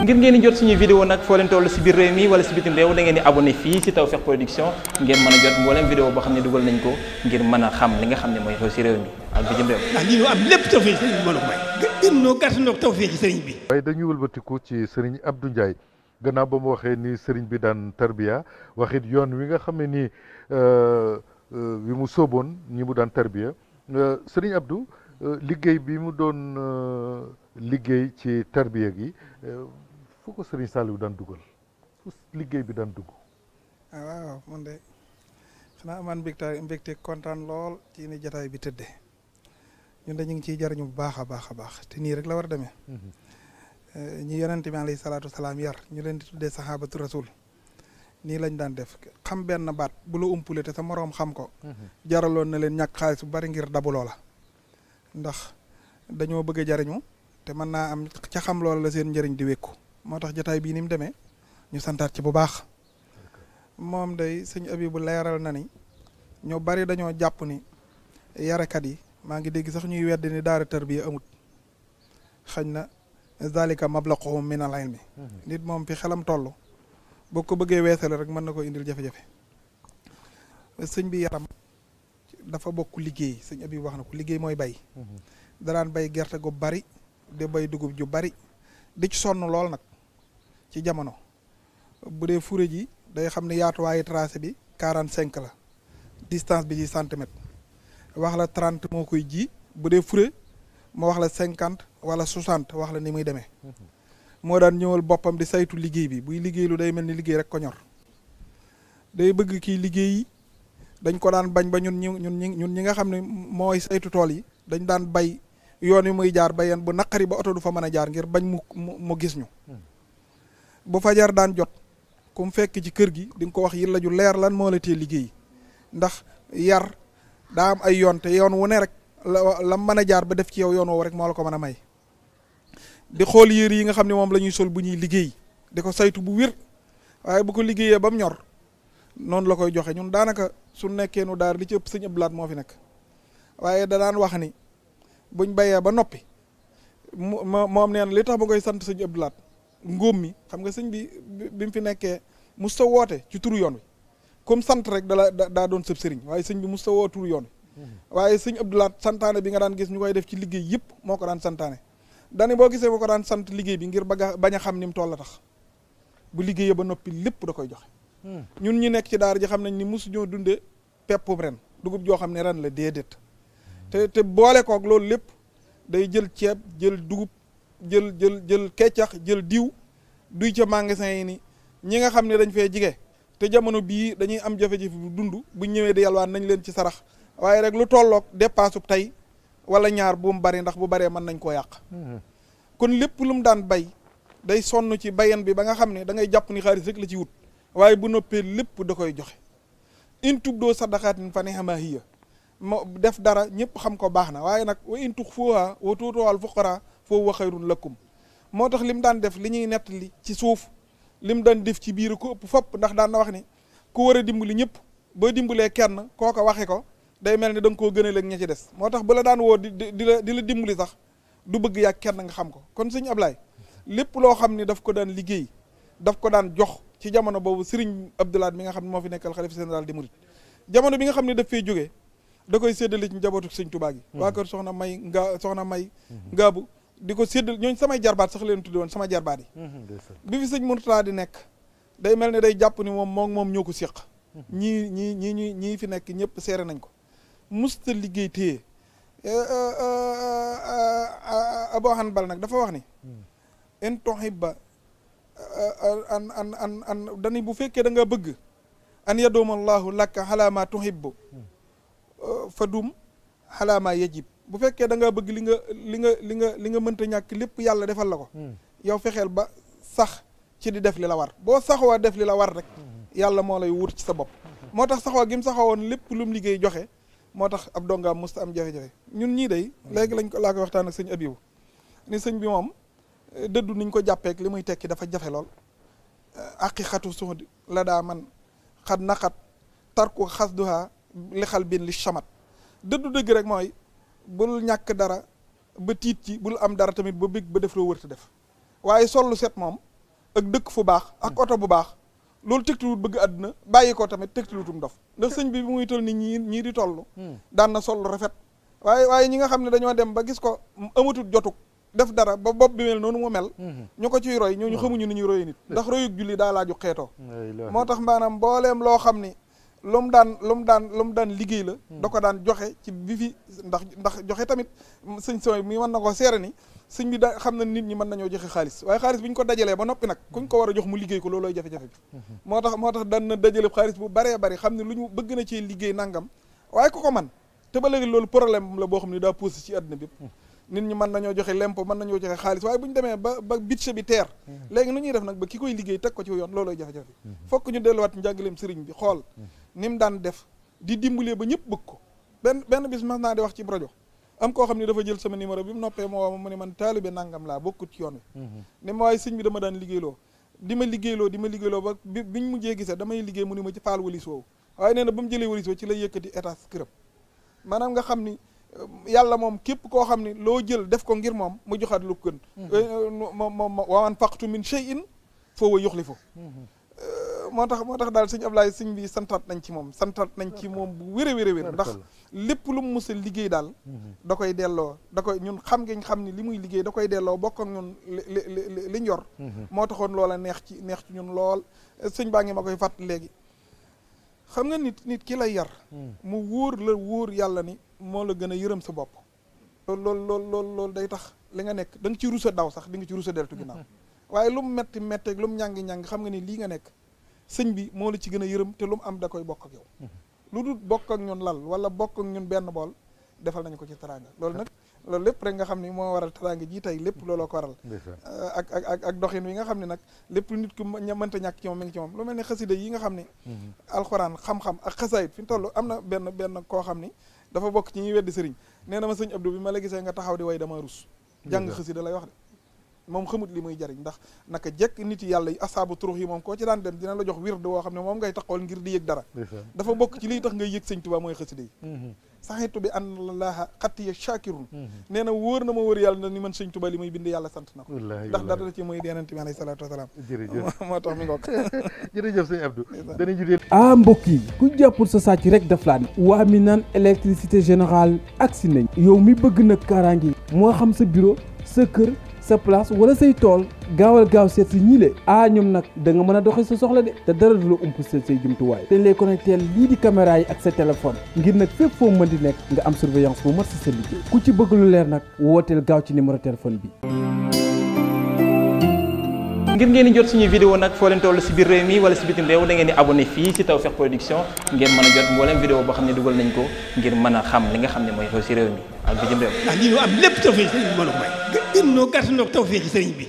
ngir ngeen di jot suñuy vidéo nag foo leen toll si biir réew mi wala si bitim réew da ngeen di abonné fii si Tawfekh Production ngeen mën a jot mboolem vidéo boo xam ne dugal nañ ko ngir mën a xam li nga xam ne mooy xew si réew mi ak bitim réew. ndax lii ñu am lépp Tawfekh sëriñ bi mën gannaaw ba mu waxee ni sëriñ bi daan tarbiya waxit yoon wi nga xam ne nii euh, wi mu sóoboon ñi mu daan tarbiya euh, sëriñ Abdou euh, liggéey bi mu doon liggéey ci tarbiya gi fu ko Serigne Saliou daan dugal liggéey bi daan dugg. ah waaw man de xanaa amaan mbégte mbégte kontaan lool ci ni jataay bi tëddee ñun de ñu ngi ciy jariñu bu baax a baax a baax te nii rek la war a demee. Mhm. Eh, ñi yonent bi alayhi salaatu salaam yar ñu leen di tuddee saxaabatu rasul nii lañ daan def xam benn baat bu la te sa moroom xam ko. Mhm. jaraloon na leen ñàkk xaalis bu bari ngir dabu loola. ndax dañoo bëgg jariñu te mën naa am ca xam loola la seen njëriñ di wékku. moo tax jataay bii ni mu demee ñu santaat ci bu baax moom day sëñ abi bu leeral na ni ñu bari dañoo jàpp ni yarekat yi maa ngi dégg sax ñuy wedd ni daara tarbiya amut xañ na zalika mablaquhum min al ilmi mhm. nit moom fi xelam toll boo ko bëggee weesale rek mën na ko indil jafe-jafe sëñ bi yaram dafa bokk liggéey sëñ abi wax na ko liggéey mooy bay mhm. daraan bay gerte gu bari di bay dugub ju bari di ci sonn lool nag ci jamono bu dee fure ji day xam ne yaatuwaayu tracé bi quarante cinq la distance bi ci centimètre wax la trente moo koy ji bu dee fure ma wax la cinquante wala soixante wax la ni muy demee moo daan ñëwal boppam di saytu liggéey bi buy liggéey lu day mel ni liggéey rek ko ñor day bëgg kii liggéey yi dañ ko daan bañ ba ñun ñu ñun ñi ñun ñi nga xam ne mooy saytu tool yi dañ daan bay yoon yi muy jaar bayan bu naqari ba oto du fa mën a jaar ngir bañ mu mu gis ñu hmm. bu fajar daan jot ku mu fekk ci kër gi di nga ko wax yilla ju leer lan moo la tee liggéey ndax yar daa am ay yoon te yoon wu ne rek la mën a jaar ba def ci yow yoon woowu rek moo la ko mën a may di xool yére yi nga xam ne moom la ñuy sol bu ñuy liggéey di ko saytu bu wér waaye bu ko liggéeyee ba mu ñor noonu la koy joxe ñun daanaka su nekkee nu daar li ci ëpp sëñ Abdou Lahad moo fi nekk waaye da daan wax ni buñ bayee ba noppi mu moom neen li tax ba koy sant sëñ Abdou Lahad ngóom mi xam nga sëñ bi bi mu fi nekkee mus ta woote ci turu yoon wi comme sant rek dala daa doon sëb sëriñ waaye sëñ bi mus ta yoon wi mhm. waaye sëñ Abdoulaat santaane bi nga daan gis ñu koy def ci liggéey yëpp moo ko daan santaane dani boo gisee moo ko daan sant liggéey bi ngir bëgg a bañ a xam ni mu toll tax bu liggéeyee ba noppi lépp da koy joxe hmm. ñun ñu nekk ci daar ji xam nañ ni mosu ñoo dunde peppum ren dugub joo xam ne ren la déedéet hmm. te te boole koog loolu lépp day jël ceeb jël dugub jël jël jël keccax jël diw duy ca magasin yi ni ñi nga xam ne dañ fee jige te jamono bii dañuy am jafe-jafe bu dund bu ñëwee da yalwaan nañ leen ci sarax waaye rek lu tolloog dépassub tey wala ñaar bu mu bari ndax bu baree mën nañ koo yàq hmm. kon lépp lu mu daan bay day sonn ci bayan bi ba nga xam ne da ngay jàpp ni xaalis rek la ci wut waaye bu noppee lépp da koy joxe in tubdoo sadaqaatin fa ni'ma hiya mo def dara ñëpp xam ko baax na waaye nag wa in tuxfuuhaa foo wa xayrun lakum moo tax li mu daan def li nett nettali ci suuf li mu daan def ci biir ko ëpp fopp ndax daan na wax ni ku war a dimbali ñëpp boo dimbalee kenn kooko waxee ko day mel ni danga ko koo gënal ak ci des moo tax bu la daan woo di di la di la dimbali sax du bëgg yàgg kenn nga xam ko kon sëñ Ablaay lépp loo xam ni daf ko daan liggéey daf ko daan jox ci jamono boobu Serigne Abdoul Ahad mi nga xam ne moo fi nekkal xalifa général des Mourides jamono bi nga xam ne daf fee jógee da koy séddale ci njabootu sëñ Tuubaa gi hmm. waa kër soxna may nga soxna may ngaabu di ko séddal ñooñ samay jarbaat sax leen tuddi woon sama jarbaat yi mhm, bi fi sëñ Mourtala di nekk day mel ne day jàpp ni moom moom moom ñoo ko séq ñii ñii ñii ñi ñii fi nekk ñëpp seere nañ ko musta liggéey téye eh, eh, eh, Abou Hanbal nag dafa wax ni mhm. in tuhibba an dani bu fekkee da nga bëgg an yadooma allahu lakk xalaa ma tuhibbu mhm. fa dum xalaa ma yajib bu fekkee da ngaa bëgg li nga li nga li nga li nga mënta ñàkk lépp yàlla defal la ko hmm. yow fexeel ba sax ci di def li la war boo saxoo def li la war rek hmm. yàlla moo lay wut ci sa bopp hmm. moo tax saxoo gi mu saxoo woon lépp lu mu liggéey joxe moo tax ab dongaam musta am jafe-jafe ñun ñii day léegi lañ ko laa ko waxtaan ak sëñ abibu ni sëñ bi moom eh, dëddu niñ ko jàppeek li muy tekki dafa jafe lool aqi eh, xatu suxdi la daa man xat naqat tarku xas duhaa li xal bin li chamat dëddu dëgg rek mooy bul ñàkk dara ba tiit ci bul am dara tamit ba bég ba def loo wërta def waaye sollu set moom ak dëkk fu baax ak oto bu baax loolu tegtaluut bëgg àdduna bàyyi ko tamit tegtaluutum dof ndax sëñ bi bu muy toll nit ñi ñii di toll hmm. daan na sol rafet waaye waaye ñi nga xam ne dañoo dem ba gis ko amatul jotug def dara ba bopp bi mel noonu mu mel hmm. ñu ko ciy roy ñooñu hmm. xamuñu ni ñuy roye nit ndax royug julli daa laaju xeetoo moo tax maanaam booleem loo xam ni lu daan lu mu daan mu daan liggéey la hmm. da ko daan joxe ci bi fi ndax ndax joxe tamit sëñ sooy mi mën na ko seere ni sëñ bi da xam na nit ñi mën nañoo joxe xaalis waaye xaalis bu ñu ko dajalee ba noppi nag kuñ ko war a jox mu liggéey ko hmm. moo tax moo tax daan na dajale xaalis bu baree xam ne lu ñu bëgg na cee liggéey nangam waaye ko man te ba léegi loolu problème la boo xam ne daa poussé ci àdduna bi hmm. nit ñi mën nañoo joxe lempo mën nañoo joxe xaalis waaye bu ñu demee ba ba budget bi teer léegi nu ñuy def nag ba ki koy liggéey teg ko ci yoon loolooy jafe-jafe fokk ñu delluwaat njàngaleem sëriñ bi xool ni mu daan def di dimbalee ba ñëpp bëgg ko benn benn bis mas naa de wax ci rajo am koo xam ne dafa jël sama numéro bi mu noppee moo woo ma mu man taalibe nangam laa bokkut ci yoon wi mhm. ni ma waaye sëñ bi dama daan liggéeyloo di ma liggéeyloo di ma liggéeyloo ba bi biñ mujjee gisee damay liggéey mu ni ma ci faal walis woowu waaye nee na ba mu jëlee walis woowu ci lay yëkkati état këram maanaam nga xam ni euh, yàlla moom képp koo xam ne loo jël def ko ngir moom mu joxaat lu gën moom euh, euh, waman faqtu min shay'in fa huwa yuxlifu mhm. moo tax moo tax daal sëñ Ablaye sëñ bi santaat nañ ci moom santaat nañ ci moom bu wér a wér a wér ndax lépp lu mu mës liggéey daal mhm. da koy delloo da koy ñun xam ngeen xam ni li muy liggéey da koy delloo bokk ak liñ yor mhm. moo taxoon loola neex ci neex ci lool sëñ baa ngi ma koy fàtt léegi xam nga nit nit ki lay yar mhm. mu wóor la wóor yàlla ni moo la gën a yërëm sa bopp loolu loolu loolu loolu loolu day tax li nga nekk da ci rusa daw sax di nga ci rusa deltu ginnaaw waaye lu mu metti metteeg lu mu ñàngi-ñàng xam nga ni lii nga nekk sëñ bi moo la ci gën a yërëm te lu mu am da koy bokk ak yow lu dul bokk ak ñun lal wala bokk ak ñun benn bool defal nañu ko ci teraanga loolu nag loolu lépp rek nga xam ni moo waral teraanga ji tey lépp looloo ko waral euh, ak ak ak ak doxin wi nga xam ne nag lépp nit ku mënta ñàkk ci moom mi ngi ci moom lu mel ne xasida yi nga xam ne mm-hmm. alxuraan xam-xam ak xasaayit fi ñu toll am na benn benn koo xam ni dafa bokk ci ñuy weddi sëriñ nee na ma sëñ Abdou bi ma la gisee nga taxaw di way dama rus jàng xasida lay wax moom xamut li muy jariñ ndax naka jekk nit yàlla yi asaabu turux yi moom koo ci daan dem dina la jox wird woo xam ne moom ngay taxawal ngir di yëg dara dafa bokk ci liy tax ngay yëg sëñ Tuubaa mooy xasida yi mm-hmm. saxitu bi an laaha xattiya shakirun mm-hmm. nee na na ma wóor yàlla na ni man sëñ Tuubaa li muy bind yàlla sant na ko ndax dara la ci mooy yonent bi alayhi salaatu wasalaam jërëjëf moo tax mi ngoog jërëjëf sëñ Abdou danañ judee ah mbokk yi ku jàppul sa sàcc rek daf laan waa mi naan électricité générale agsi nañ yow mi bëgg nag kaaraange moo xam sa bureau sa kër sa place wala say tool gaawal gaaw seet si ñi le ah ñoom nag da nga mën a dox sa soxla de te dara du la ump seet say jumtuwaay te ñu lay connecté lii di caméra yi ak sa téléphone ngir nag fépp foo mën di nekk nga am surveillance bu mat si sa liggéey ku ci bëgg leer nag wooteel gaaw ci numéro téléphone bi. ngir ngeen di jot suñu vidéo nag foo leen toll si biir réew mi wala si bitim réew da ngeen di abonné fii si Tawfekh Production ngeen mën a jot mboolem boo xam ne dugal nañ ko ngir mën a xam li nga xam ne mooy xew si réew mi. ak bitim réew. waaw ah, lii ñu am lépp tawfeex sëriñ bi moo la ko may. gën noo gàtt bi.